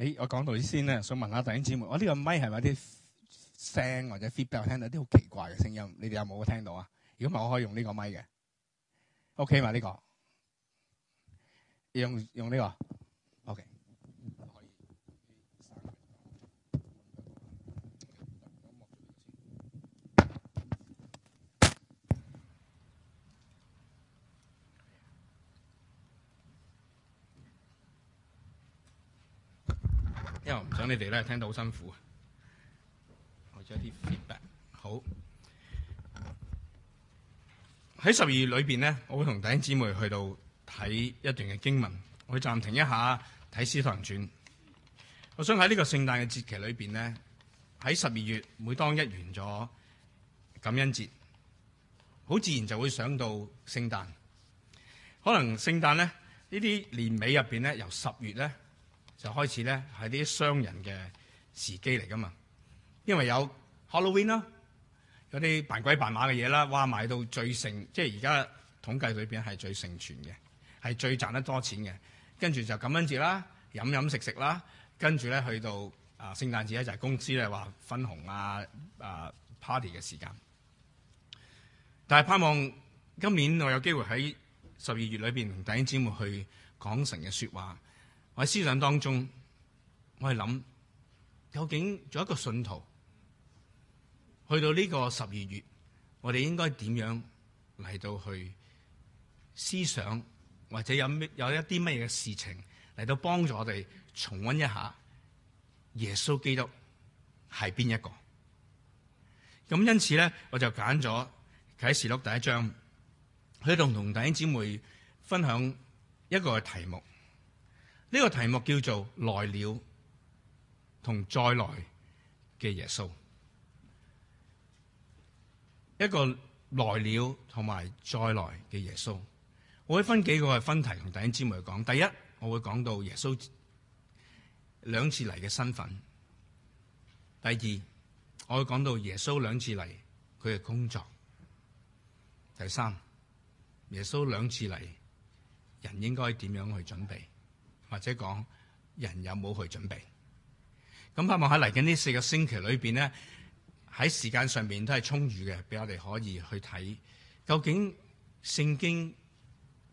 誒，我講到先咧，想問，問下弟兄姊妹，我、哦、呢、這個咪係咪啲聲或者 feedback 聽到啲好奇怪嘅聲音？你哋有冇聽到啊？如果唔係，我可以用呢個咪嘅。OK 嘛、這個，呢個用用呢、這個。OK。想你哋咧，聽到好辛苦啊！我將啲 feedback 好喺十二月裏邊呢，我會同弟兄姊妹去到睇一段嘅經文，我會暫停一下睇《使徒行傳》。我想喺呢個聖誕嘅節期裏邊呢，喺十二月，每當一完咗感恩節，好自然就會想到聖誕。可能聖誕呢，呢啲年尾入邊呢，由十月呢。就開始咧，係啲商人嘅時機嚟㗎嘛，因為有 Halloween 啦，有啲扮鬼扮馬嘅嘢啦，哇，賣到最盛，即係而家統計裏面係最盛傳嘅，係最賺得多錢嘅。跟住就感恩節啦，飲飲食食啦，跟住咧，去到啊聖誕節咧，就係公司咧話分紅啊，啊 party 嘅時間。但係盼望今年我有機會喺十二月裏面同弟兄姐妹去講神嘅說話。喺思想當中，我係諗究竟做一個信徒，去到呢個十二月，我哋應該點樣嚟到去思想，或者有咩有一啲乜嘢嘅事情嚟到幫助我哋重温一下耶穌基督係邊一個？咁因此咧，我就揀咗啟示錄第一章，去同同弟兄姊妹分享一個題目。呢個題目叫做來了同再來嘅耶穌，一個來了同埋再來嘅耶穌。我會分幾個嘅分題同弟兄姊妹講。第一，我會講到耶穌兩次嚟嘅身份；第二，我會講到耶穌兩次嚟佢嘅工作；第三，耶穌兩次嚟，人應該點樣去準備。或者講人有冇去準備咁？盼望喺嚟緊呢四個星期裏邊咧，喺時間上面都係充裕嘅，俾我哋可以去睇究竟聖經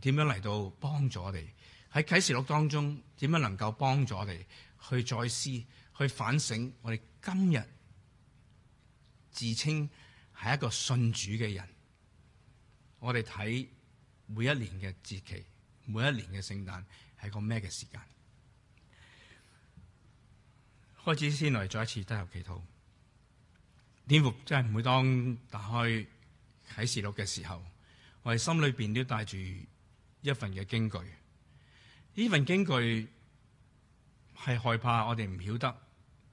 點樣嚟到幫助我哋喺啟示錄當中點樣能夠幫助我哋去再思，去反省。我哋今日自稱係一個信主嘅人，我哋睇每一年嘅節期，每一年嘅聖誕。係個咩嘅時間？開始先嚟再一次低頭祈禱。天父真係，每當打開啟示錄嘅時候，我哋心裏邊都帶住一份嘅驚懼。呢份驚懼係害怕我哋唔曉得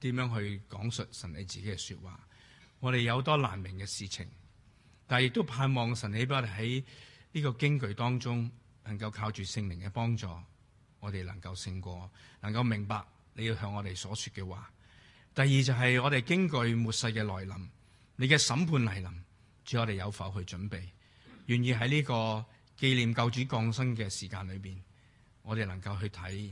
點樣去講述神你自己嘅說話。我哋有多難明嘅事情，但係亦都盼望神你不喺呢個驚懼當中，能夠靠住聖靈嘅幫助。我哋能夠勝過，能夠明白你要向我哋所說嘅話。第二就係我哋根據末世嘅來臨，你嘅審判嚟臨，主，我哋有否去準備？願意喺呢個紀念救主降生嘅時間裏邊，我哋能夠去睇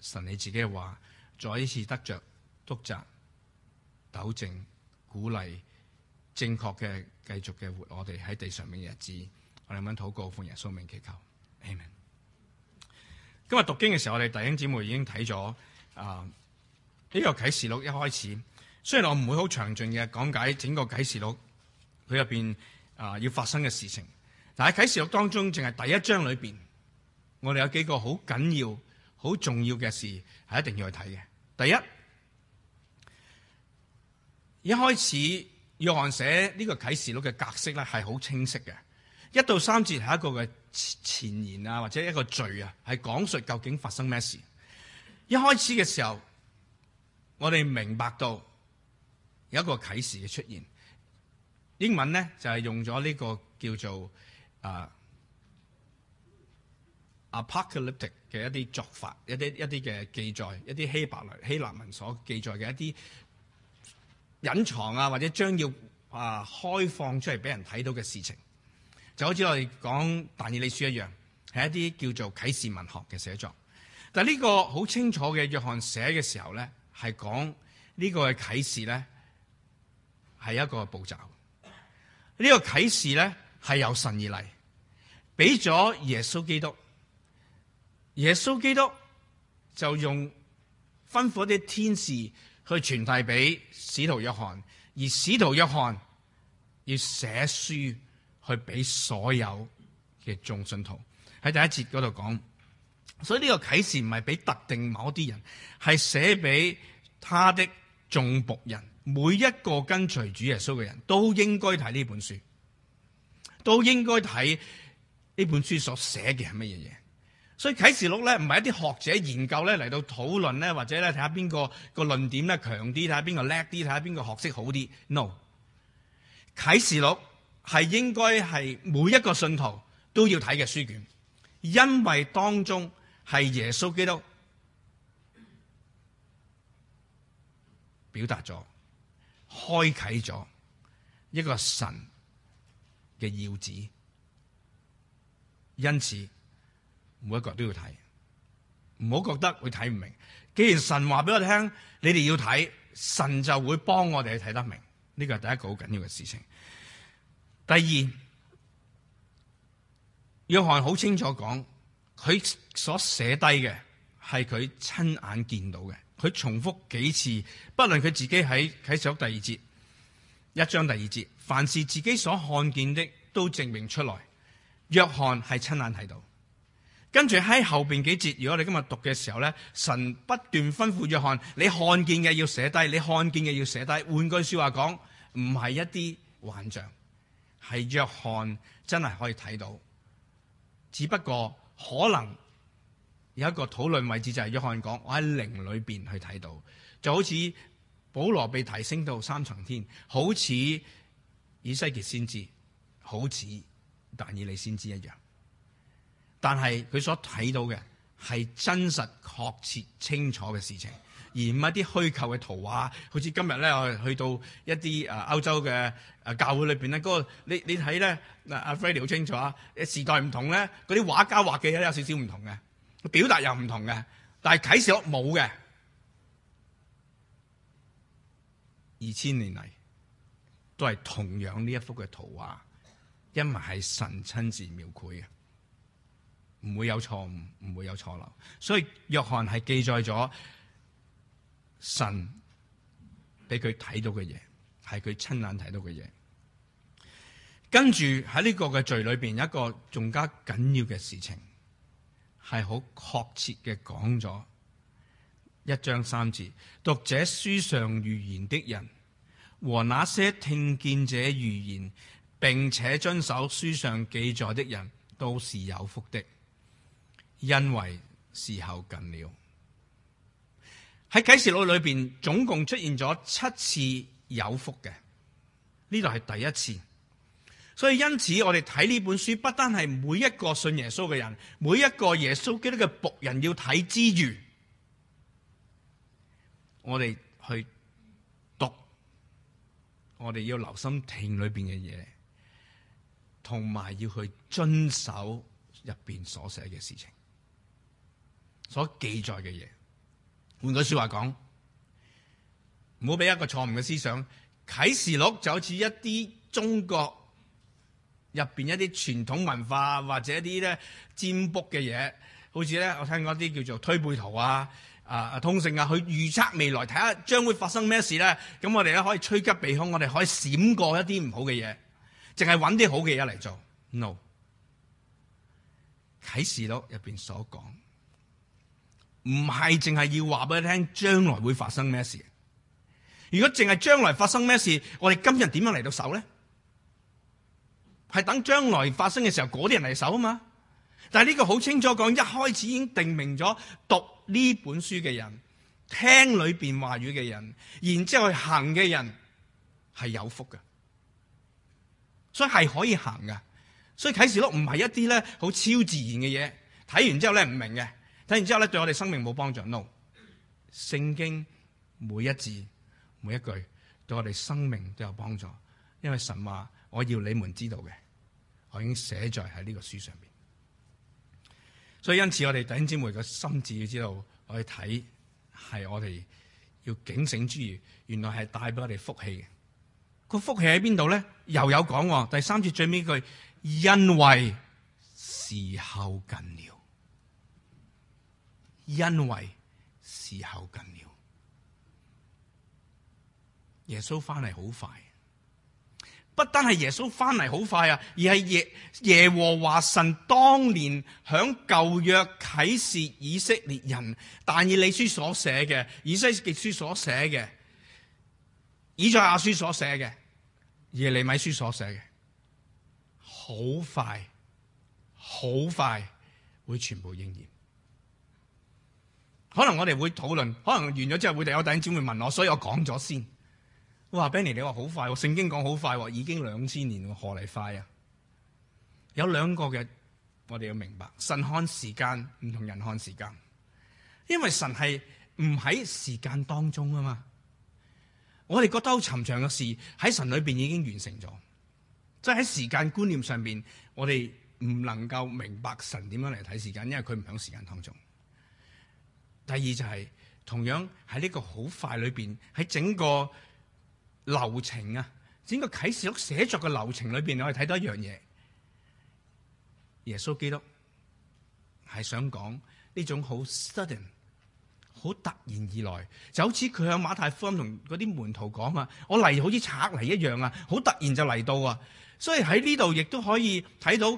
神你自己嘅話，再一次得着督責、糾正、鼓勵，正確嘅繼續嘅活。我哋喺地上面嘅日子，我哋咁樣禱告，奉耶穌名祈求，Amen. 今日讀經嘅時候，我哋弟兄姊妹已經睇咗啊呢個啟示錄一開始。雖然我唔會好詳盡嘅講解整個啟示錄佢入邊啊要發生嘅事情。但係啟示錄當中，淨係第一章裏邊，我哋有幾個好緊要、好重要嘅事係一定要去睇嘅。第一，一開始約翰寫呢個啟示錄嘅格式咧係好清晰嘅，一到三節係一個嘅。前言啊，或者一個罪啊，係講述究竟發生咩事。一開始嘅時候，我哋明白到有一個啟示嘅出現。英文咧就係、是、用咗呢個叫做啊、uh, apocalyptic 嘅一啲作法，一啲一啲嘅記載，一啲希伯來希臘文所記載嘅一啲隱藏啊，或者將要啊、uh, 開放出嚟俾人睇到嘅事情。就好似我哋講《但以理書》一樣，係一啲叫做啟示文學嘅寫作。但呢個好清楚嘅，約翰寫嘅時候咧，係講呢個嘅啟示咧，係一個步驟。這個、啟呢個啟示咧係由神而嚟，俾咗耶穌基督，耶穌基督就用吩咐啲天使去傳遞俾使徒約翰，而使徒約翰要寫書。去俾所有嘅眾信徒喺第一節嗰度講，所以呢個啟示唔係俾特定某一啲人，係寫俾他的眾僕人，每一個跟隨主耶穌嘅人都應該睇呢本書，都應該睇呢本書所寫嘅係乜嘢嘢。所以啟示錄咧唔係一啲學者研究咧嚟到討論咧，或者咧睇下邊個個論點咧強啲，睇下邊個叻啲，睇下邊個學識好啲。No，啟示錄。係應該係每一個信徒都要睇嘅書卷，因為當中係耶穌基督表達咗、開啟咗一個神嘅要旨，因此每一個都要睇，唔好覺得會睇唔明。既然神話俾我聽，你哋要睇，神就會幫我哋睇得明。呢個係第一個好緊要嘅事情。第二，約翰好清楚講，佢所寫低嘅係佢親眼見到嘅。佢重複幾次，不論佢自己喺喺寫第二節，一章第二節，凡是自己所看見的都證明出來。約翰係親眼睇到，跟住喺後邊幾節，如果你今日讀嘅時候呢，神不斷吩咐約翰：你看見嘅要寫低，你看見嘅要寫低。換句說話講，唔係一啲幻象。係約翰真係可以睇到，只不過可能有一個討論位置，就係約翰講我喺靈裏面去睇到，就好似保羅被提升到三層天，好似以西結先知，好似但以理先知一樣。但係佢所睇到嘅係真實、確切、清楚嘅事情。而唔係啲虛構嘅圖畫，好似今日咧，我去到一啲誒歐洲嘅誒教會裏邊咧，嗰、那個你你睇咧，阿阿弗里好清楚啊！時代唔同咧，嗰啲畫家畫嘅嘢有少少唔同嘅，表達又唔同嘅，但係啟示錄冇嘅，二千年嚟都係同樣呢一幅嘅圖畫，因為係神親自描繪嘅，唔會有錯誤，唔會有錯漏，所以約翰係記載咗。神俾佢睇到嘅嘢，係佢親眼睇到嘅嘢。跟住喺呢個嘅罪裏邊，有一個仲加緊要嘅事情，係好確切嘅講咗一章三字，讀者書上預言的人，和那些聽見這預言並且遵守書上記載的人，都是有福的，因為時候近了。喺啟示錄裏邊，總共出現咗七次有福嘅，呢度係第一次。所以因此，我哋睇呢本書，不單係每一個信耶穌嘅人，每一個耶穌基督嘅僕人要睇之餘，我哋去讀，我哋要留心聽裏邊嘅嘢，同埋要去遵守入邊所寫嘅事情，所記載嘅嘢。換句說話講，唔好俾一個錯誤嘅思想，啟示錄就好似一啲中國入面一啲傳統文化或者一啲咧占卜嘅嘢，好似咧我聽講一啲叫做推背圖啊、啊通勝啊，去預測未來，睇下將會發生咩事咧。咁我哋咧可以趨吉避凶，我哋可以閃過一啲唔好嘅嘢，淨係揾啲好嘅嘢嚟做。No，啟示錄入面所講。唔係淨係要話俾你聽將來會發生咩事。如果淨係將來發生咩事，我哋今日點樣嚟到守咧？係等將來發生嘅時候嗰啲人嚟守啊嘛。但係呢個好清楚講，一開始已經定明咗讀呢本書嘅人，聽裏邊話語嘅人，然之後行嘅人係有福嘅，所以係可以行噶。所以啟示錄唔係一啲咧好超自然嘅嘢，睇完之後咧唔明嘅。睇完之後咧，對我哋生命冇幫助。no，聖經每一字每一句對我哋生命都有幫助，因為神話我要你們知道嘅，我已經寫在喺呢個書上邊。所以因此我哋弟兄姊妹個心智要知道，我哋睇係我哋要警醒注意，原來係帶俾我哋福氣嘅。個福氣喺邊度咧？又有講，第三節最尾句，因為時候近了。因為時候近了，耶穌翻嚟好快，不單係耶穌翻嚟好快啊，而係耶耶和華神當年響舊約啟示以色列人，但以理書所寫嘅，以西結書所寫嘅，以賽亞書所寫嘅，耶利米書所寫嘅，好快，好快會全部應驗。可能我哋會討論，可能完咗之後會有弟兄專門問我，所以我講咗先。我話，Benny，你話好快，聖經講好快，已經兩千年，何嚟快啊？有兩個嘅，我哋要明白，神看時間唔同人看時間，因為神係唔喺時間當中啊嘛。我哋覺得好尋常嘅事喺神裏邊已經完成咗，即係喺時間觀念上邊，我哋唔能夠明白神點樣嚟睇時間，因為佢唔響時間當中。第二就係、是、同樣喺呢個好快裏邊，喺整個流程啊，整個啟示錄寫作嘅流程裏邊你可以睇到一樣嘢。耶穌基督係想講呢種好 sudden 好突然而來就好似佢喺馬太福音同啲門徒講啊，我嚟，好似賊,嚟一樣啊，好突然就嚟到啊。所以喺呢度亦都可以睇到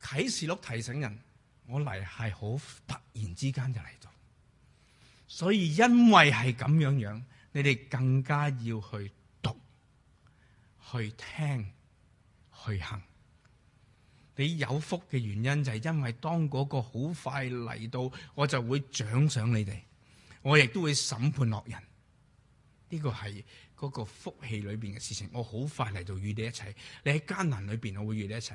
啟示錄提醒人，我嚟係好突然之間就嚟到。所以因為係咁樣樣，你哋更加要去讀、去聽、去行。你有福嘅原因就係因為當嗰個好快嚟到，我就會獎賞你哋，我亦都會審判惡人。呢、這個係嗰個福氣裏邊嘅事情，我好快嚟到與你一齊。你喺艱難裏邊，我會與你一齊。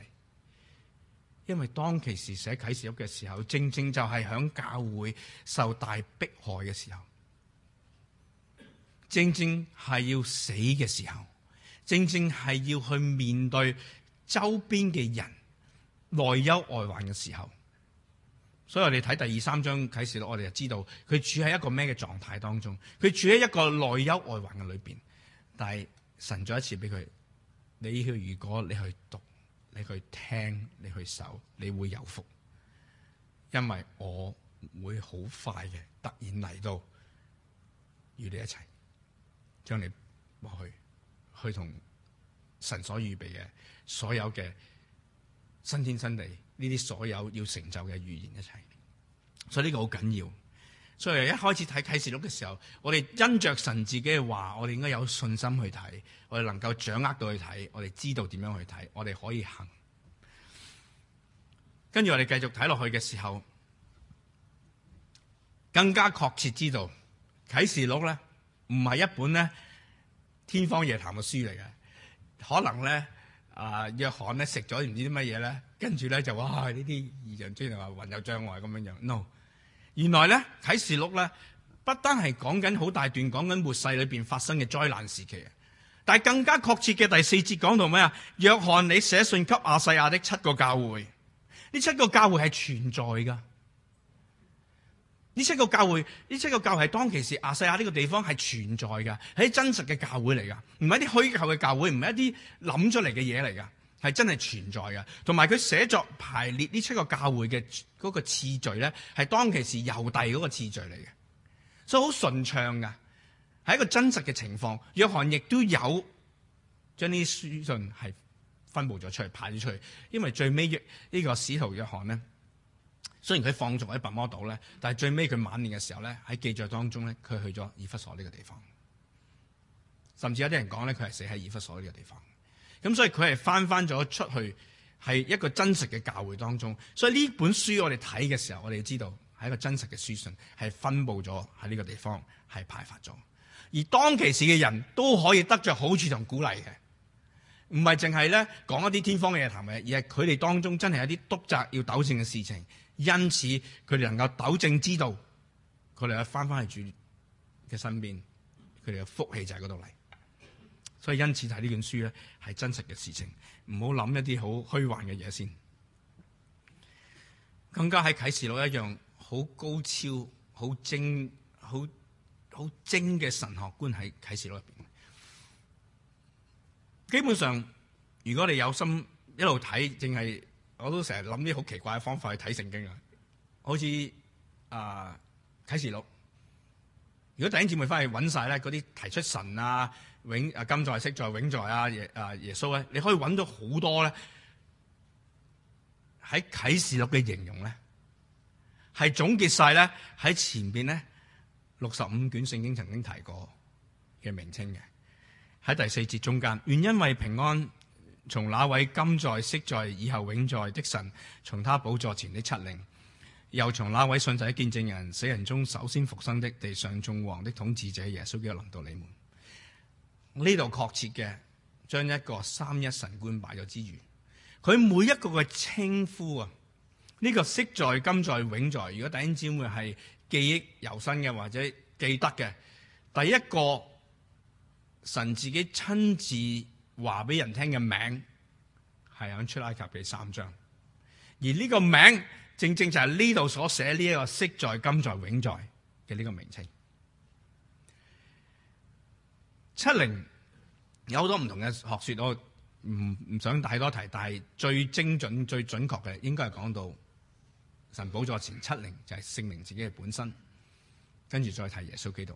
因為當其時寫啟示錄嘅時候，正正就係響教會受大迫害嘅時候，正正係要死嘅時候，正正係要去面對周邊嘅人內憂外患嘅時候。所以我哋睇第二三章啟示錄，我哋就知道佢處喺一個咩嘅狀態當中？佢處喺一個內憂外患嘅裏邊。但係神再一次俾佢，你去如果你去讀。你去聽，你去守，你會有福，因為我會好快嘅突然嚟到與你一齊，將你過去去同神所預備嘅所有嘅新天新地呢啲所有要成就嘅預言一齊，所以呢個好緊要。所以一開始睇啟示錄嘅時候，我哋因着神自己嘅話，我哋應該有信心去睇，我哋能夠掌握到去睇，我哋知道點樣去睇，我哋可以行。跟住我哋繼續睇落去嘅時候，更加確切知道啟示錄咧唔係一本咧天方夜譚嘅書嚟嘅，可能咧啊、呃、約翰咧食咗唔知啲乜嘢咧，跟住咧就話呢啲異人天啊混有障礙咁樣樣，no。原來咧，啟呢《啟示錄》咧不單係講緊好大段講緊末世裏邊發生嘅災難時期，但係更加確切嘅第四節講到咩啊？約翰你寫信給亞細亞的七個教會，呢七個教會係存在噶。呢七個教會，呢七個教會係當其時亞細亞呢個地方係存在噶，係真實嘅教會嚟噶，唔係一啲虛構嘅教會，唔係一啲諗出嚟嘅嘢嚟噶。係真係存在噶，同埋佢寫作排列呢七個教會嘅嗰個次序咧，係當其時郵遞嗰個次序嚟嘅，所以好順暢噶，係一個真實嘅情況。約翰亦都有將啲書信係分布咗出嚟，派咗出去。因為最尾呢個使徒約翰呢，雖然佢放逐喺拔摩島咧，但係最尾佢晚年嘅時候咧，喺記載當中咧，佢去咗以弗所呢個地方，甚至有啲人講咧，佢係死喺以弗所呢個地方。咁、嗯、所以佢係翻翻咗出去，係一個真實嘅教會當中。所以呢本書我哋睇嘅時候，我哋知道係一個真實嘅書信，係分布咗喺呢個地方，係派發咗。而當其時嘅人都可以得着好處同鼓勵嘅，唔係淨係咧講一啲天方夜譚嘅，而係佢哋當中真係有啲督責要糾正嘅事情，因此佢哋能夠糾正之道，佢哋又翻翻去主嘅身邊，佢哋嘅福氣就喺嗰度嚟。所以因此睇呢本書咧，係真實嘅事情，唔好諗一啲好虛幻嘅嘢先。更加喺啟示錄一樣好高超、好精、好好精嘅神學觀喺啟示錄入邊。基本上，如果你有心一路睇，正係我都成日諗啲好奇怪嘅方法去睇聖經啊。好似啊啟示錄，如果弟兄姊妹翻去揾晒咧，嗰啲提出神啊～永啊，今在、昔在、永在啊，耶啊，耶穌咧，你可以揾到好多咧，喺啟示錄嘅形容咧，係總結晒咧喺前邊呢六十五卷聖經曾經提過嘅名稱嘅。喺第四節中間，願因為平安，從那位今在、昔在、以後永在的神，從他寶座前的七靈，又從那位信者見證人、死人中首先復生的地上眾王的統治者耶穌基督臨到你們。呢度確切嘅，將一個三一神觀擺咗之餘，佢每一個嘅稱呼啊，呢、呢個昔在、今在、永在。如果弟兄姊妹係記憶猶新嘅或者記得嘅，第一個神自己親自話俾人聽嘅名字，係響出埃及嘅三章，而呢個名字正正就係呢度所寫呢一個昔在、今在、永在嘅呢個名稱。七零有好多唔同嘅學説，我唔唔想太多提。但係最精準、最準確嘅，應該係講到神寶座前七零，就係證明自己嘅本身，跟住再提耶穌基督。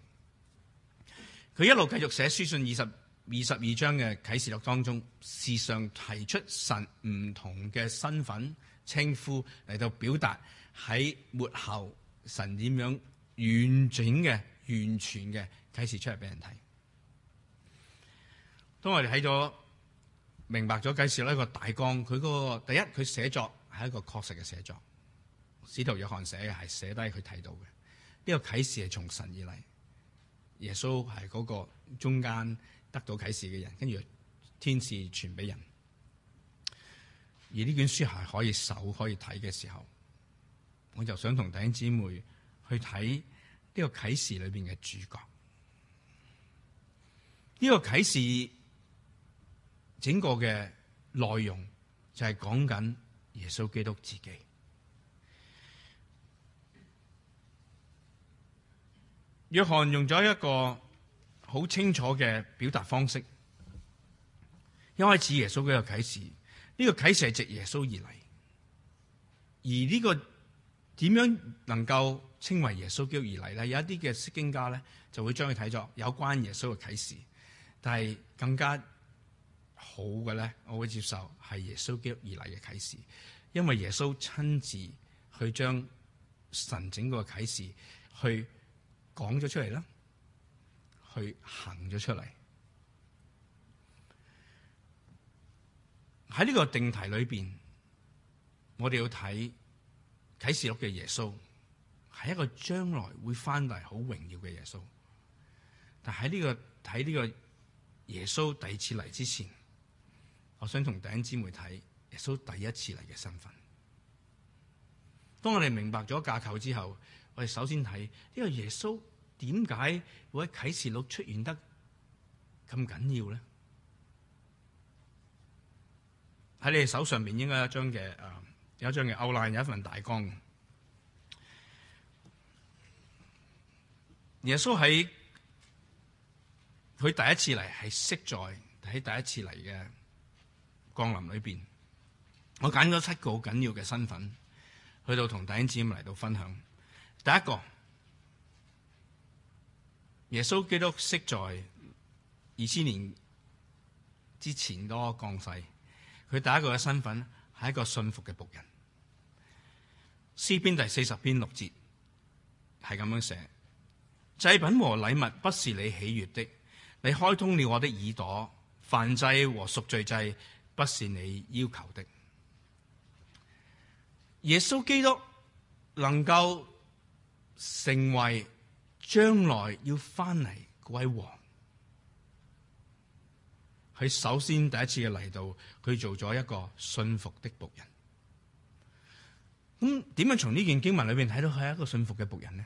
佢一路繼續寫書信二十二十二章嘅啟示錄當中，事上提出神唔同嘅身份稱呼嚟到表達喺末後神點樣完整嘅完全嘅啟示出嚟俾人睇。當我哋睇咗、明白咗啟示呢個大綱，佢嗰、嗰個第一，佢寫作係一個確實嘅寫作。使徒約翰寫嘅係寫低佢睇到嘅。呢、呢個啟示係從神而嚟，耶穌係嗰個中間得到啟示嘅人，跟住天使傳俾人。而呢卷書係可以手可以睇嘅時候，我就想同弟兄姊妹去睇呢個啟示裏面嘅主角。呢、呢個啟示。整個嘅內容就係講緊耶穌基督自己。約翰用咗一個好清楚嘅表達方式。一開始耶穌嘅一個啟示，呢、這個啟示係藉耶穌而嚟。而呢、這個點樣能夠稱為耶穌基督而嚟咧？有一啲嘅釋經家咧就會將佢睇作有關耶穌嘅啟示，但係更加。好嘅咧，我會接受係耶穌基督而嚟嘅啟示，因為耶穌親自去將神整個啟示去講咗出嚟啦，去行咗出嚟。喺呢個定題裏邊，我哋要睇啟示錄嘅耶穌係一個將來會翻嚟好榮耀嘅耶穌，但喺呢、這個睇呢個耶穌第二次嚟之前。我想同弟兄姊妹睇耶穌第一次嚟嘅身份。當我哋明白咗架構之後，我哋首先睇呢、這個耶穌點解會喺啟示錄出現得咁緊要咧？喺你哋手上面應該有一張嘅，誒有一張嘅 outline 有一份大綱。耶穌喺佢第一次嚟係識在喺第一次嚟嘅。降臨裏邊，我揀咗七個好緊要嘅身份，去到同弟兄姊妹嚟到分享。第一個，耶穌基督識在二千年之前嗰個降世，佢第一個嘅身份係一個順服嘅僕人。詩篇第四十篇六節係咁樣寫：祭品和禮物不是你喜悅的，你開通了我的耳朵，燔祭和贖罪祭。不是你要求的。耶穌基督能夠成為將來要翻嚟嗰位王，佢首先第一次嘅嚟到，佢做咗一個信服的僕人。咁點樣從呢件經文裏面睇到佢係一個信服嘅僕人呢？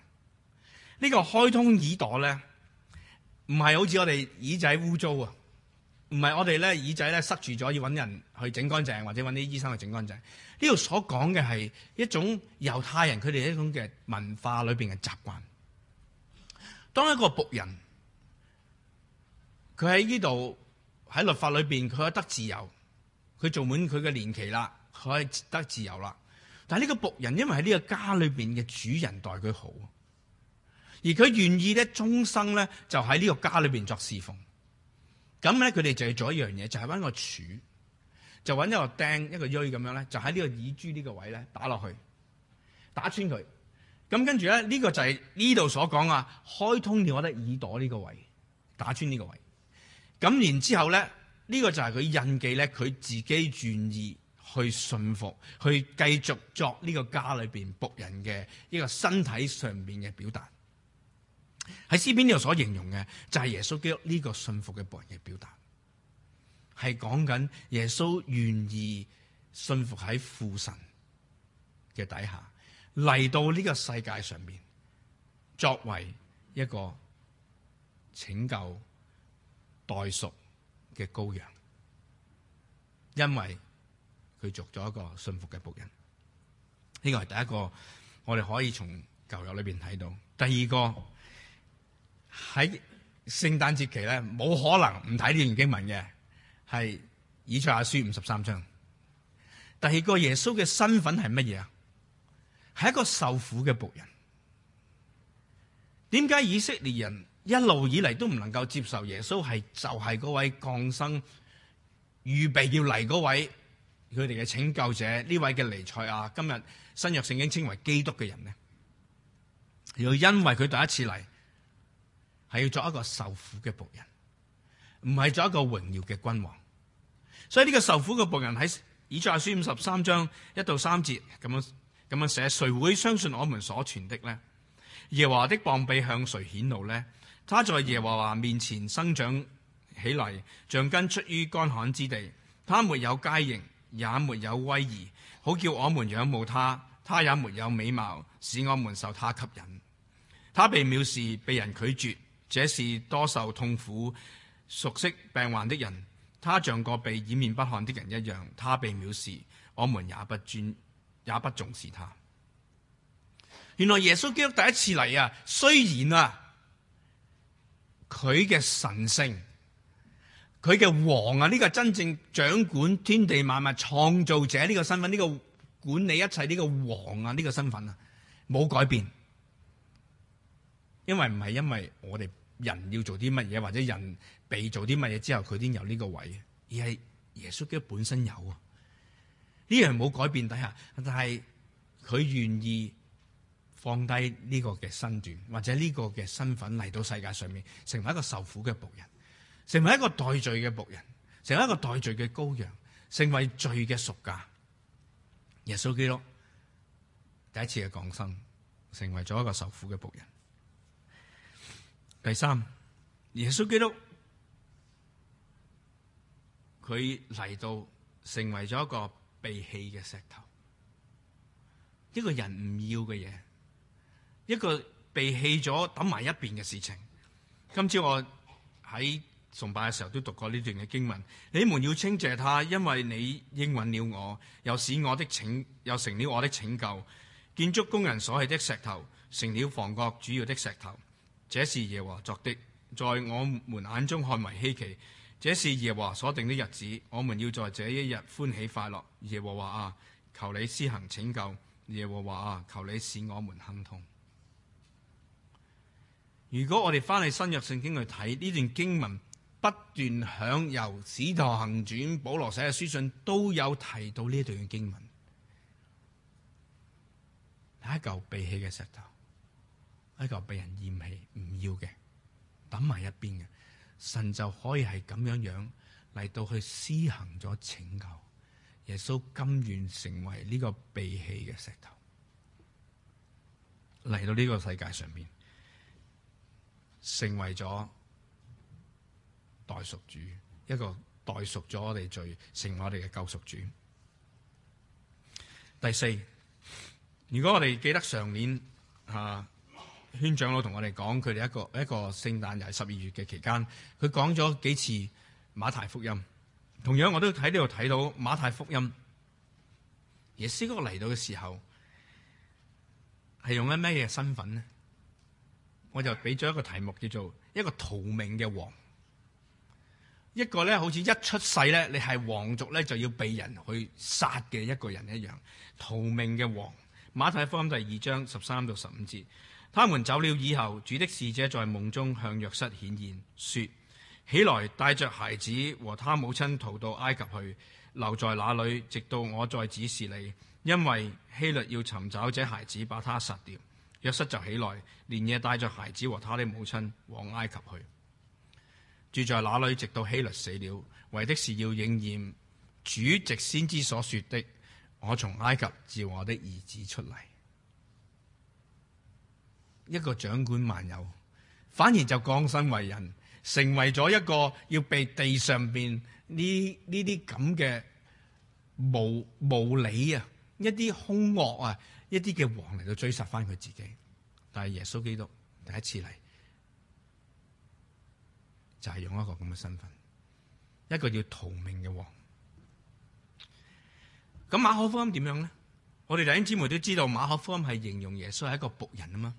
呢、這個開通不是耳朵咧，唔係好似我哋耳仔污糟啊！唔係我哋咧耳仔咧塞住咗，要搵人去整乾淨，或者搵啲醫生去整乾淨。呢度所講嘅係一種猶太人佢哋一種嘅文化裏面嘅習慣。當一個僕人，佢喺呢度喺律法裏面，佢得自由，佢做滿佢嘅年期啦，佢得自由啦。但係呢個僕人因為喺呢個家裏面嘅主人待佢好，而佢願意咧終生咧就喺呢個家裏面作侍奉。咁咧，佢哋就要做一樣嘢，就係、是、揾個柱，就揾一個釘、一個錐咁樣咧，就喺呢個耳珠呢個位咧打落去，打穿佢。咁跟住咧，呢、這個就係呢度所講啊，開通我哋耳朵呢個位，打穿呢個位。咁然之後咧，呢、這個就係佢印記咧，佢自己願意去信服，去繼續作呢個家裏面僕人嘅一個身體上面嘅表達。喺詩篇呢度所形容嘅就係、是、耶穌基督呢個信服嘅僕人嘅表達，係講緊耶穌願意信服喺父神嘅底下嚟到呢個世界上面，作為一個拯救代贖嘅羔羊，因為佢做咗一個信服嘅僕人，呢個係第一個我哋可以從舊約裏邊睇到，第二個。喺聖誕節期咧，冇可能唔睇呢段經文嘅係以賽亞書五十三章。第二個耶穌嘅身份係乜嘢啊？係一個受苦嘅僕人。點解以色列人一路以嚟都唔能夠接受耶穌係就係嗰位降生、預備要嚟嗰位佢哋嘅拯救者呢位嘅彌賽亞？今日新約聖經稱為基督嘅人呢，又因為佢第一次嚟。係要做一個受苦嘅僕人，唔係做一個榮耀嘅君王。所以呢個受苦嘅僕人喺以賽亞書五十三章一到三節咁樣咁樣寫，誰會相信我們所傳的呢？耶和華的膀臂向誰顯露呢？他在耶和華面前生長起嚟，像根出於乾旱之地。他沒有佳形，也沒有威儀，好叫我們仰慕他。他也沒有美貌，使我們受他吸引。他被藐視，被人拒絕。這是多受痛苦、熟悉病患的人，他像個被掩面不看的人一樣，他被藐視，我們也不尊，也不重視他。原來耶穌基督第一次嚟啊，雖然啊，佢嘅神聖，佢嘅王啊，呢、這個真正掌管天地萬物創造者呢個身份，呢、這個管理一切呢、這個王啊，呢、這個身份啊，冇改變。因為唔係因為我哋人要做啲乜嘢，或者人被做啲乜嘢之後，佢先有呢個位，而係耶穌基督本身有啊。呢樣冇改變底下，但係佢願意放低呢個嘅身段，或者呢個嘅身份嚟到世界上面，成為一個受苦嘅僕人，成為一個代罪嘅僕人，成為一個代罪嘅羔羊，成為罪嘅贖價。耶穌基督第一次嘅降生，成為咗一個受苦嘅僕人。第三，耶穌基督，佢嚟到成為咗一個被棄嘅石頭，一個人唔要嘅嘢，一個被棄咗抌埋一邊嘅事情。今朝我喺崇拜嘅時候都讀過呢段嘅經文：「你們要稱謝他，因為你應允了我，又使我的請又成了我的拯救。建築工人所棄的石頭，成了房角主要的石頭。」這是耶和作的，在我們眼中看為稀奇。這是耶和所定的日子，我們要在這一日歡喜快樂。耶和華啊，求你施行拯救；耶和華啊，求你使我們亨通。如果我哋翻去新約聖經去睇呢段，段經文，不斷響由使徒行傳、保羅寫嘅書信都有提到呢段嘅經文。一嚿被棄嘅石頭。呢個被人嫌棄唔要嘅、抌埋一邊嘅，神就可以係咁樣樣嚟到去施行咗拯救。耶穌甘願成為呢個被棄嘅石頭，嚟到呢個世界上面，成為咗代贖主，一個代贖咗我哋罪，成為我哋嘅救贖主。第四，如果我哋記得上年啊。圈長老同我哋講，佢哋一個一個聖誕又係十二月嘅期間，佢講咗幾次馬太福音。同樣我都喺呢度睇到馬太福音，耶穌嗰個嚟到嘅時候係用咗咩嘢身份呢？我就俾咗一個題目叫做一個逃命嘅王，一個咧好似一出世咧，你係皇族咧就要被人去殺嘅一個人一樣，逃命嘅王。馬太福音第二章十三到十五節。他們走了以後，主的使者在夢中向約瑟顯現，說：起來，帶着孩子和他母親逃到埃及去，留在那裏，直到我再指示你，因為希律要尋找這孩子，把他殺掉。約瑟就起來，連夜帶着孩子和他的母親往埃及去，住在那裏，直到希律死了，為的是要應驗主藉先知所說的：我從埃及召我的兒子出嚟。一個掌管萬有，反而就降身為人，成為咗一個要被地上邊呢呢啲咁嘅無無理啊，一啲凶惡啊，一啲嘅王嚟到追殺翻佢自己。但係耶穌基督第一次嚟，就係、是、用一個咁嘅身份，一個要逃命嘅王。咁馬可福音點樣咧？我哋弟兄姊妹都知道馬可福音係形容耶穌係一個僕人啊嘛。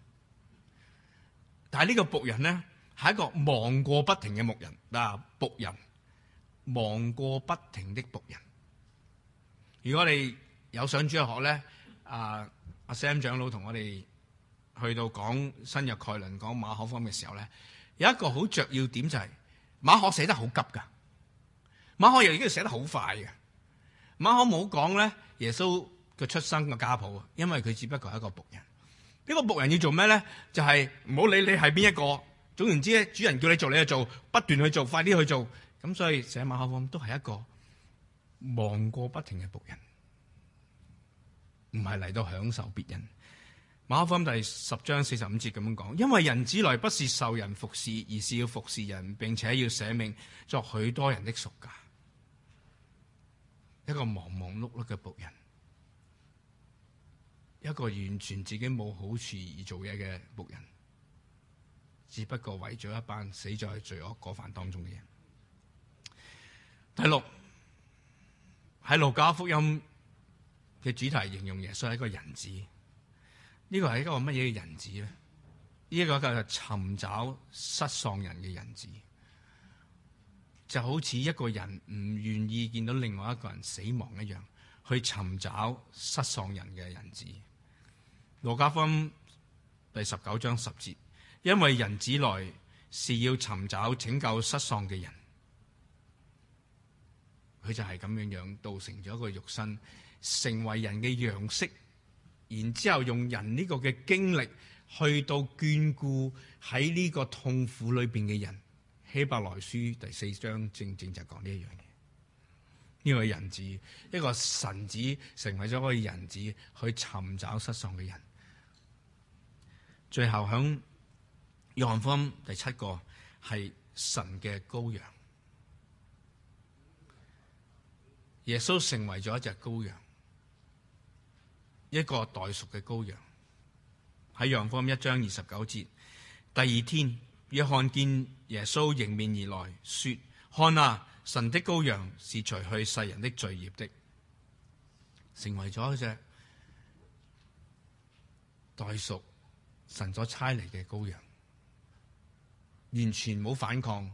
但係呢個僕人咧，係一個忙過不停嘅牧人啊！僕人忙過不停的僕人。如果你有上主日學咧，啊阿 Sam 長老同我哋去到講新約概論，講馬可方嘅時候咧，有一個好着要點就係馬可寫得好急噶，馬可又已經寫得好快嘅，馬可冇講咧耶穌嘅出生嘅家譜，啊，因為佢只不過係一個僕人。呢個僕人要做咩咧？就係唔好理你係邊一個。總言之咧，主人叫你做你就做，不斷去做，快啲去做。咁所以寫馬可福音都係一個忙個不停嘅僕人，唔係嚟到享受別人。馬可福音第十章四十五節咁樣講：因為人子來不是受人服侍，而是要服侍人，並且要捨命作許多人的贖價。一個忙忙碌碌嘅僕人。一個完全自己冇好處而做嘢嘅牧人，只不過為咗一班死在罪惡過犯當中嘅人。第六，喺路加福音嘅主題形容耶穌係一個人子，呢、這個係一個乜嘢嘅人子咧？呢、這、一個就係尋找失喪人嘅人子，就好似一個人唔願意見到另外一個人死亡一樣，去尋找失喪人嘅人子。路加福音第十九章十節，因為人子來是要尋找拯救失喪嘅人，佢就係咁樣樣，造成咗一個肉身，成為人嘅樣式，然之後用人呢個嘅經歷去到眷顧喺呢個痛苦裏邊嘅人。希伯來書第四章正正就講呢一樣嘢，呢個人子，一個神子成為咗一個人子，去尋找失喪嘅人。最後響約翰福音，第七個係神嘅羔羊，耶穌成為咗一隻羔羊，一個代贖嘅羔羊。喺約翰福音一章二十九節，第二天約翰見耶穌迎面而來，說：看啊，神的羔羊是除去世人的罪孽的，成為咗一隻代贖。神所差嚟嘅羔羊，完全冇反抗，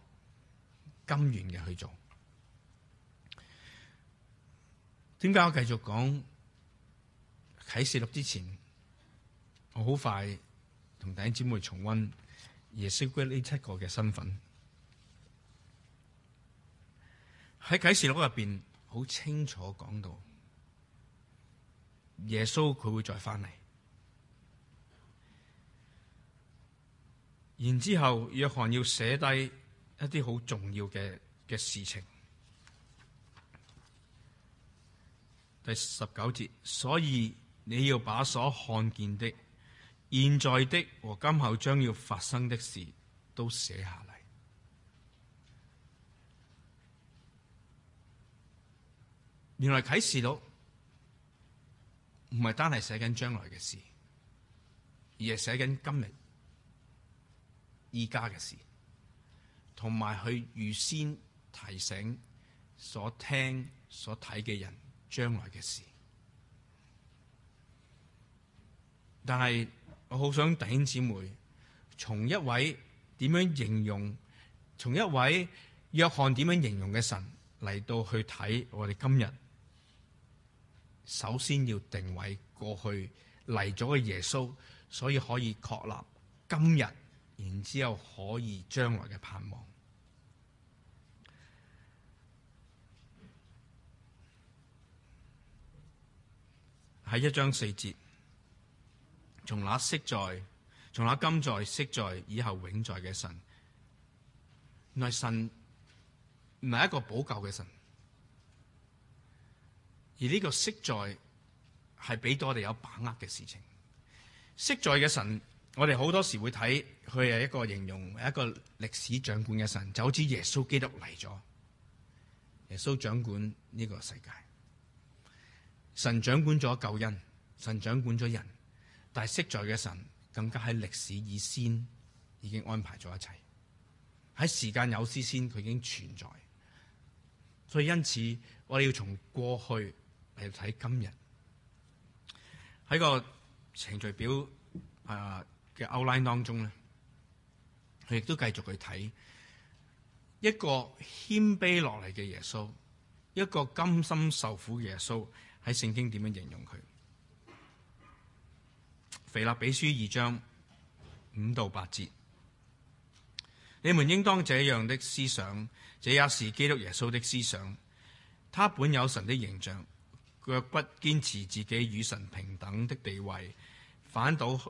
甘願嘅去做。點解我繼續講啟示錄之前，我好快同弟兄姊妹重温耶穌基督呢七個嘅身份。喺啟示錄入邊好清楚講到，耶穌佢會再返嚟。然之後，約翰要寫低一啲好重要嘅嘅事情，第十九節。所以你要把所看見的、現在的和今後將要發生的事都寫下嚟。原來啟示錄唔係單係寫緊將來嘅事，而係寫緊今日。依家嘅事，同埋去預先提醒所聽所睇嘅人將來嘅事。但係我好想弟兄姊妹，從一位點樣形容，從一位約翰點樣形容嘅神嚟到去睇我哋今日。首先要定位過去嚟咗嘅耶穌，所以可以確立今日。然之後可以將來嘅盼望。喺一章四節，從那昔在，從那今在昔在以後永在嘅神。原來神唔係一個補救嘅神，而呢個昔在係俾到我哋有把握嘅事情，昔在嘅神。我哋好多時會睇佢係一個形容，一個歷史掌管嘅神，就好似耶穌基督嚟咗，耶穌掌管呢個世界，神掌管咗救恩，神掌管咗人，但係實在嘅神更加喺歷史以先已經安排咗一切，喺時間有時先先佢已經存在，所以因此我哋要從過去嚟睇今日，喺個程序表啊。呃嘅 outline 當中咧，佢亦都繼續去睇一個謙卑落嚟嘅耶穌，一個甘心受苦嘅耶穌喺聖經點樣形容佢？腓立比書二章五到八節，你們應當這樣的思想，這也是基督耶穌的思想。他本有神的形象，卻不堅持自己與神平等的地位，反倒。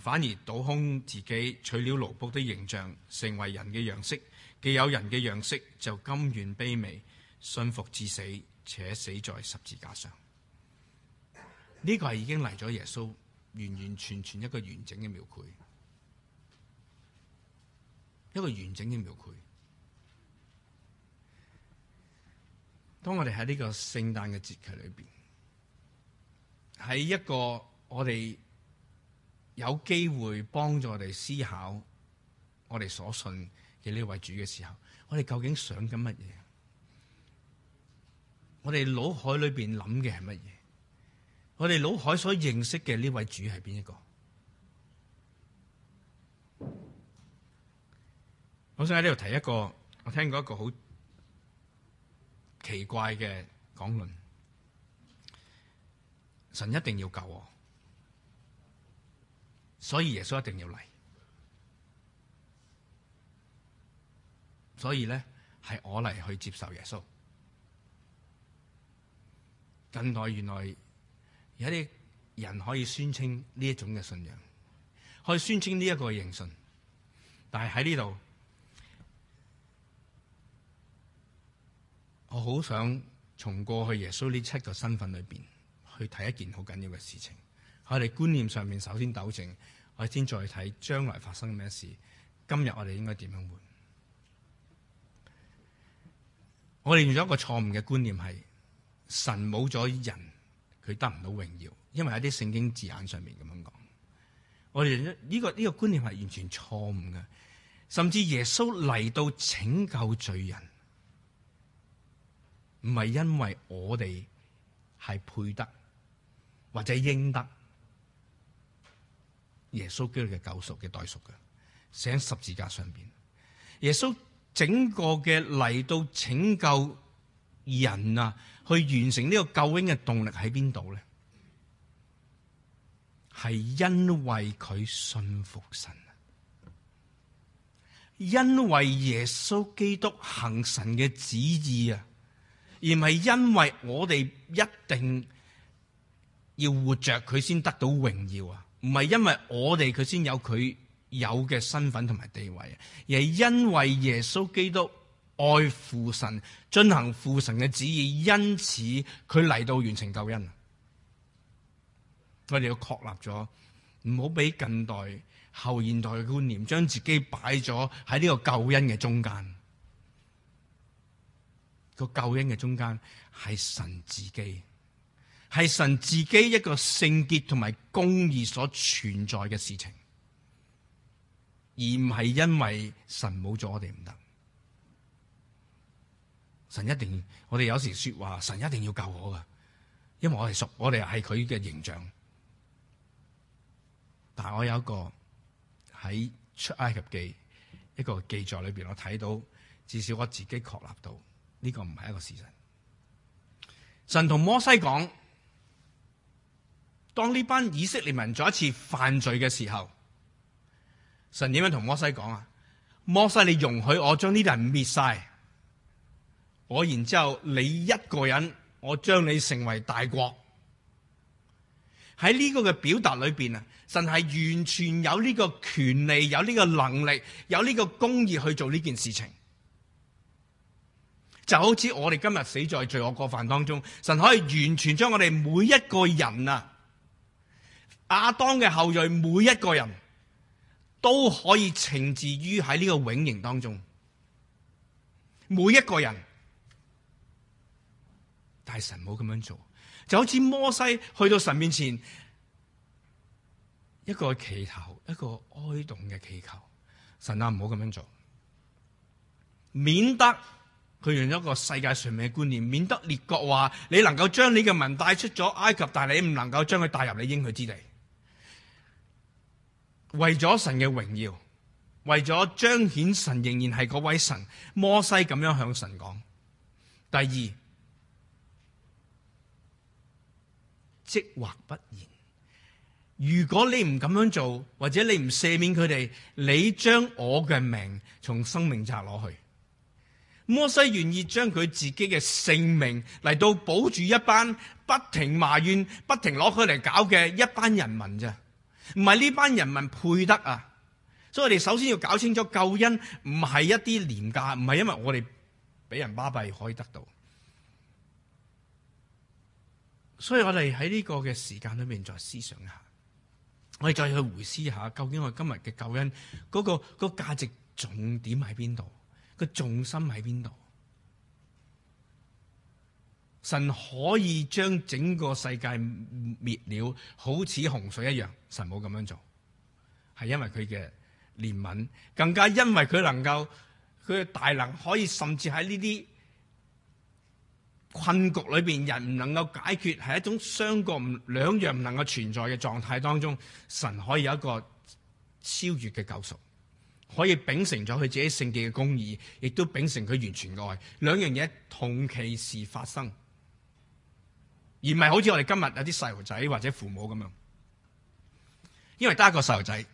反而倒空自己，取了奴僕的形象，成為人嘅樣式。既有人嘅樣式，就甘願卑微，順服至死，且死在十字架上。呢個係已經嚟咗耶穌，完完全全一個完整嘅描繪，一個完整嘅描繪。當我哋喺呢個聖誕嘅節期裏邊，喺一個我哋。有機會幫助我哋思考，我哋所信嘅呢位主嘅時候，我哋究竟想緊乜嘢？我哋腦海裏面諗嘅係乜嘢？我哋腦海所認識嘅呢位主係邊一個？我想喺呢度提一個，我聽過一個好奇怪嘅講論：神一定要救我。所以耶穌一定要嚟，所以呢，係我嚟去接受耶穌。近代原來有啲人可以宣稱呢種嘅信仰，可以宣稱呢一個認信，但係喺呢度，我好想從過去耶穌呢七個身份裏面，去睇一件好緊要嘅事情。我哋觀念上面首先糾正，我哋先再睇將來發生咩事。今日我哋應該點樣換？我哋用咗一個錯誤嘅觀念，係神冇咗人，佢得唔到榮耀，因為喺啲聖經字眼上面咁樣講。我哋呢個呢個觀念係完全錯誤嘅，甚至耶穌嚟到拯救罪人，唔係因為我哋係配得或者應得。耶穌基督嘅救贖嘅代贖嘅，死喺十字架上邊。耶穌整個嘅嚟到拯救人啊，去完成呢個救恩嘅動力喺邊度咧？係因為佢信服神啊，因為耶穌基督行神嘅旨意啊，而唔係因為我哋一定要活着佢先得到榮耀啊。唔係因為我哋佢先有佢有嘅身份同埋地位，而係因為耶穌基督愛父神，進行父神嘅旨意，因此佢嚟到完成救恩。我哋要確立咗，唔好俾近代後現代嘅觀念，將自己擺咗喺呢個救恩嘅中間。個救恩嘅中間係神自己。係神自己一個聖潔同埋公義所存在嘅事情，而唔係因為神冇咗我哋唔得。神一定，我哋有時說話，神一定要救我㗎，因為我哋熟，我哋係佢嘅形象。但係我有一個喺出埃及記一個記載裏邊，我睇到，至少我自己確立到呢，這個唔係一個事實。神同摩西講。當呢班以色列民再一次犯罪嘅時候，神點樣同摩西講啊？摩西，你容許我將呢啲人滅晒，果然之後你一個人，我將你成為大國。喺呢個嘅表達裏邊啊，神係完全有呢個權利、有呢個能力、有呢個公義去做呢件事情。就好似我哋今日死在罪惡過犯當中，神可以完全將我哋每一個人啊～亞當嘅後裔，每一個人都可以懲治於喺呢個永刑當中。每一個人，但係神冇咁樣做，就好似摩西去到神面前，一個祈求，一個哀動嘅祈求。神啊，唔好咁樣做，免得佢用咗一個世界上面嘅觀念，免得列國話你能夠將你嘅民帶出咗埃及，但係你唔能夠將佢帶入你應許之地。為咗神嘅榮耀，為咗彰顯神仍然係嗰位神，摩西咁樣向神講。第二，即或不然，如果你唔咁樣做，或者你唔赦免佢哋，你將我嘅命從生命冊攞去。摩西願意將佢自己嘅性命嚟到保住一班不停埋怨、不停攞佢嚟搞嘅一班人民啫。唔係呢班人民配得啊，所以我哋首先要搞清楚救恩唔係一啲廉價，唔係因為我哋俾人巴閉可以得到，所以我哋喺呢個嘅時間裏面再思想一下，我哋再去回思一下，究竟我哋今日嘅救恩嗰、嗰個、嗰個價值重點喺邊度，個重心喺邊度？神可以將整個世界滅了，好似洪水一樣。神冇咁樣做，係因為佢嘅憐憫，更加因為佢能夠，佢嘅大能可以甚至喺呢啲困局裏邊，人唔能夠解決，係一種相隔兩樣唔能夠存在嘅狀態當中，神可以有一個超越嘅救贖，可以秉承咗佢自己聖潔嘅公義，亦都秉承佢完全嘅愛，兩樣嘢同期時發生。而唔係好似我哋今日有啲細路仔或者父母咁樣，因為得一個細路仔，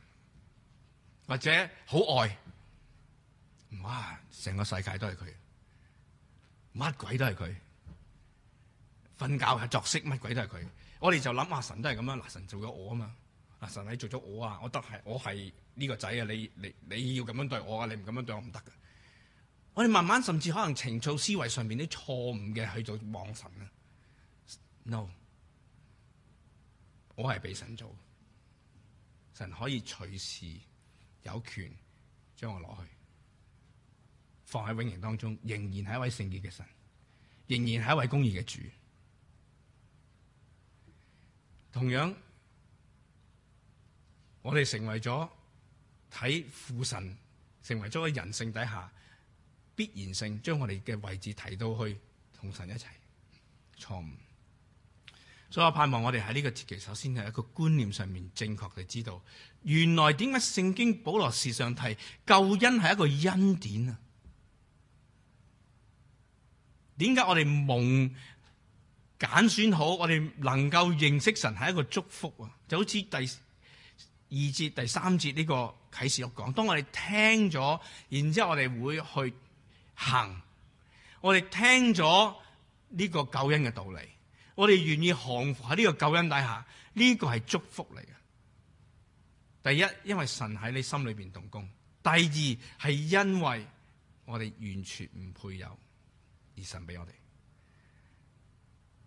或者好愛，哇！成個世界都係佢，乜鬼都係佢，瞓覺啊、作息乜鬼都係佢。我哋就諗阿神都係咁樣啊，嗱，神做咗我啊嘛，阿神你做咗我啊，我得係我係呢個仔啊，你你你要咁樣對我啊，你唔咁樣對我唔得嘅。我哋慢慢甚至可能情操、思維上面啲錯誤嘅去做妄神啊。No，我係俾神做，神可以隨時有權將我攞去放喺永刑當中，仍然係一位聖潔嘅神，仍然係一位公義嘅主。同樣，我哋成為咗睇父神，成為咗喺人性底下必然性，將我哋嘅位置提到去同神一齊，錯誤。所以我盼望我哋喺呢個節期，首先係一個觀念上面正確地知道，原來點解聖經保羅時上提救恩係一個恩典啊？點解我哋蒙揀選好，我哋能夠認識神係一個祝福啊？就好似第二節、第三節呢個啟示錄所講，當我哋聽咗，然之後我哋會去行。我哋聽咗呢個救恩嘅道理。我哋願意降服喺呢個救恩底下，呢、呢個係祝福嚟嘅。第一，因為神喺你心裏邊動工；第二，係因為我哋完全唔配有而神俾我哋。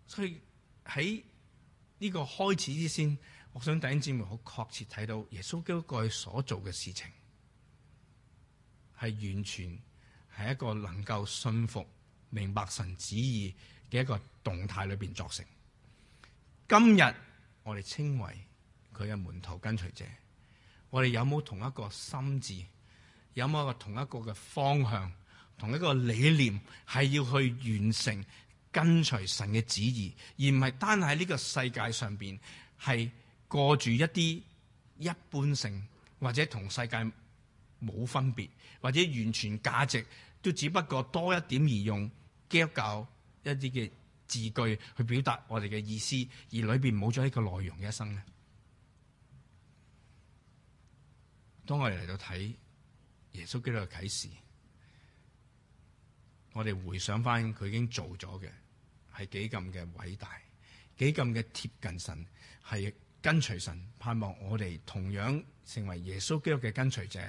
所以喺呢個開始之前，我想弟兄姊妹好確切睇到耶穌基督過去所做嘅事情，係完全係一個能夠信服。明白神旨意嘅一個動態裏邊作成，今日我哋稱為佢嘅門徒跟隨者，我哋有冇同一個心智，有冇一個同一個嘅方向，同一個理念，係要去完成跟隨神嘅旨意，而唔係單，喺呢個世界上邊，係過住一啲一般性，或者同世界冇分別或者完全價值。都只不過多一點，而用基督教一啲嘅字句去表達我哋嘅意思，而裏面冇咗呢個內容嘅一生咧。當我哋嚟到睇耶穌基督嘅啟示，我哋回想翻佢已經做咗嘅係幾咁嘅偉大，幾咁嘅貼近神，係跟隨神，盼望我哋同樣成為耶穌基督嘅跟隨者，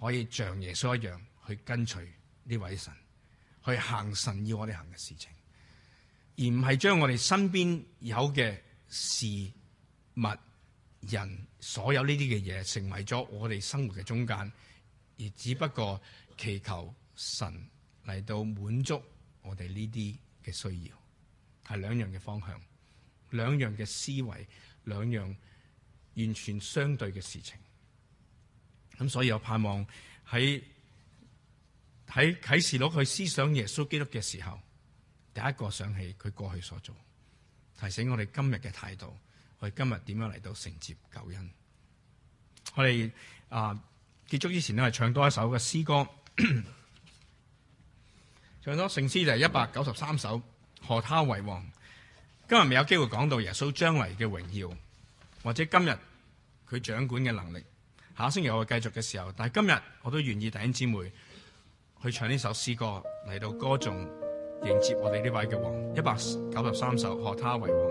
可以像耶穌一樣去跟隨。呢位神去行神要我哋行嘅事情，而唔係將我哋身邊有嘅事物、人所有呢啲嘅嘢，成為咗我哋生活嘅中間，而只不過祈求神嚟到滿足我哋呢啲嘅需要，係兩樣嘅方向，兩樣嘅思維，兩樣完全相對嘅事情。咁所以我盼望喺。喺啟示錄去思想耶穌基督嘅時候，第一個想起佢過去所做，提醒我哋今日嘅態度。我哋今日點樣嚟到承接救恩？我哋啊，結束之前咧，係唱多一首嘅詩歌，咳咳唱多聖詩就係一百九十三首《何他為王》。今日未有機會講到耶穌將來嘅榮耀，或者今日佢掌管嘅能力。下星期我會繼續嘅時候，但係今日我都願意弟兄姊妹，去唱呢首詩歌嚟到歌頌迎接我哋呢位嘅王，一百九十三首賀他為王。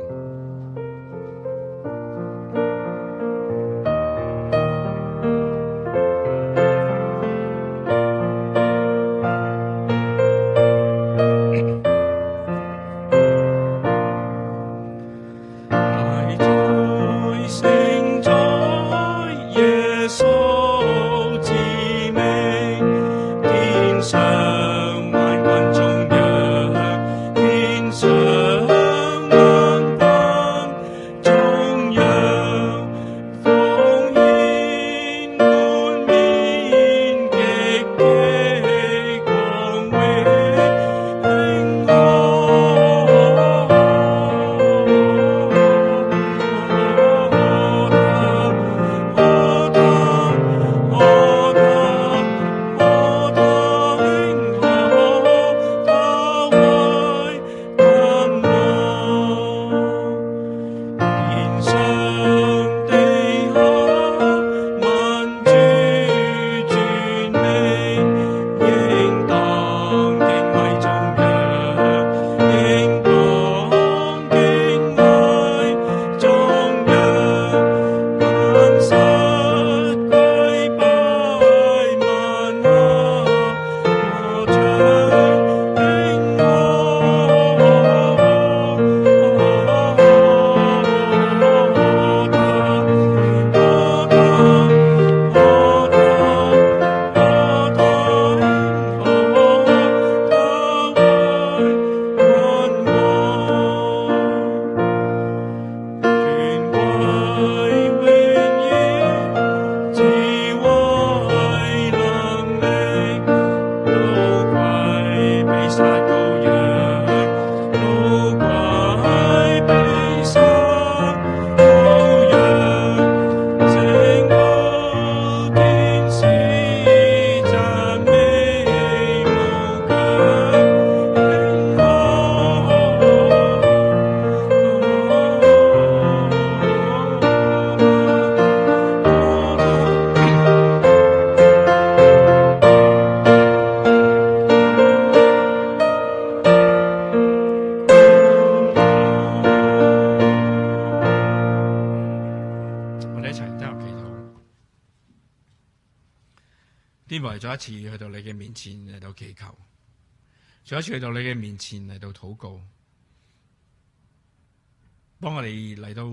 再一次去到你嘅面前嚟到祈求，再一次去到你嘅面前嚟到禱告，當我哋嚟到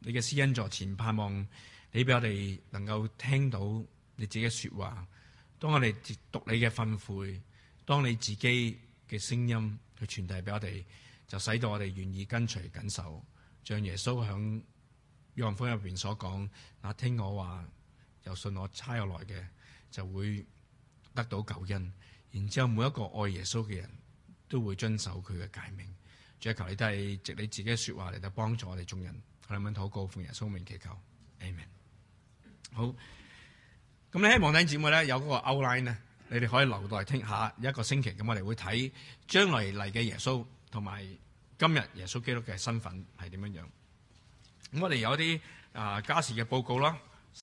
你嘅施恩座前，盼望你俾我哋能夠聽到你自己嘅說話。當我哋讀你嘅吩咐，當你自己嘅聲音去傳遞俾我哋，就使到我哋願意跟隨緊守，像耶穌響約翰福音入邊所講：那聽我話又信我差我來嘅，就會。得到救恩，然之後每一個愛耶穌嘅人都會遵守佢嘅誡命。主啊，求你都係藉你自己嘅説話嚟到幫助我哋眾人。我哋問禱告，奉耶穌名祈求，Amen。嗯、好，咁你希望上姊妹咧有嗰個 outline 咧，你哋可以留待聽下一個星期。咁我哋會睇將來嚟嘅耶穌同埋今日耶穌基督嘅身份係點樣樣。咁我哋有啲啊、呃、家事嘅報告啦。